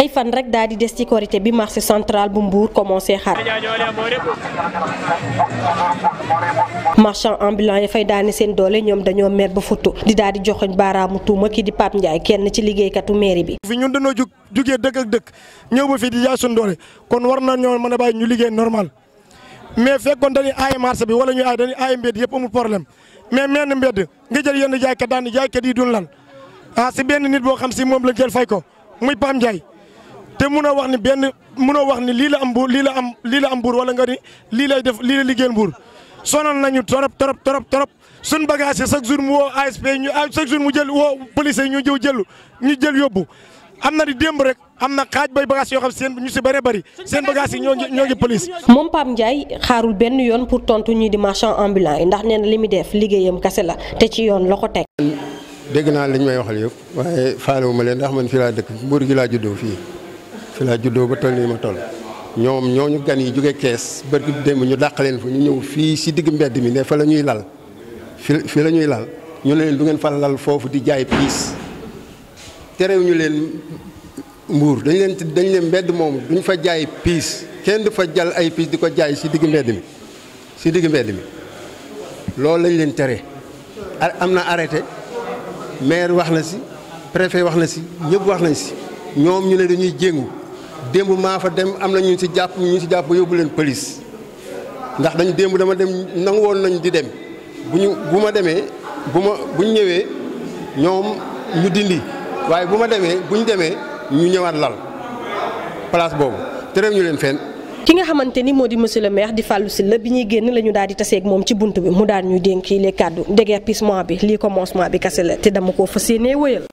ay fan rek daal di ci korité bi marché central bu Mbour commencé xar marchand ambulant ya fay daani sen doole ñom dañu mer ba futu di daal di joxoñ baaraamu tuuma ki di pap ndjay kenn ci katu mairie bi fi ñun dañu jug jugee dëkk ak dëkk ñew ba fi di ya sun doole kon war na ñoo mëna bay ñu liggéey normal mais fekkon dañu ay marché bi wala ñu ay dañu ay mbéd yépp amul problème mais mën mbéd nga jël ka jaaykat daan ka di dun lan ah ci benn nit bo xam ci mom la jël fay ko muy pam ndjay te munoo wax ni benn munoo wax ni lii la am mbuur lii la am lii la am mbuur wala nga ni lii lay def lii la liggéeyal mbuur sonal nañu torop torop torop torop suñ bagage chaque jour mu ñu ah, chaque mu jël woo police ñu jëw jël ñu jël yóbbu am na di rek na xaaj bay bagage yoo xam seen ñu si seen bagage yi ñoo ngi ñoo ngi police. moom Pape Ndiaye xaarul benn yoon pour tontu ñii di marchand ambulant yi ndax nee na li muy def liggéeyam kese la te ci yoon la ko teg. dégg naa li ñu may waxal yëpp waaye faalewuma leen ndax man fi laa dëkk mbuur gi laa juddoo fii. fi laa juddoo ba toll nii ma toll ñoom ñooñu gan yi jóge kees bërki démb ñu dàq leen fa ñu ñëw fii si digg mbedd mi ne fa la ñuy lal fi fii la ñuy lal ñu ne leen du ngeen fa lal foofu di jaay piis terewuñu leen mbuur dañ leen dañ leen mbedd moom duñ fa jaay piis kenn du fa jal ay piis di ko jaay si digg mi si digg mbedd mi loolu lañ leen tere am na arrêté maire wax na si préfet wax na si ñëpp wax nañ si ñoom ñu ne dañuy jéngu démb maa fa dem am na ñu si jàpp ñu ci jàpp ba yóbbu leen pëlis ndax dañ démb dama dem nangu woon nañ di dem bu ñu bu ma demee bu ma bu ñu ñëwee ñoom ñu dindi waaye bu ma demee bu ñu demee ñu ñëwaat lal place boobu terew ñu leen fenn. ki nga xamante ni moo di monsieur le maire di Fallou Sylla bi ñuy génn la ñu daal di taseeg moom ci bunt bi mu daal ñuy dénk les kàddu déguerpissement bi lii commencement bi kase la te dama koo fa yéenee wëyal.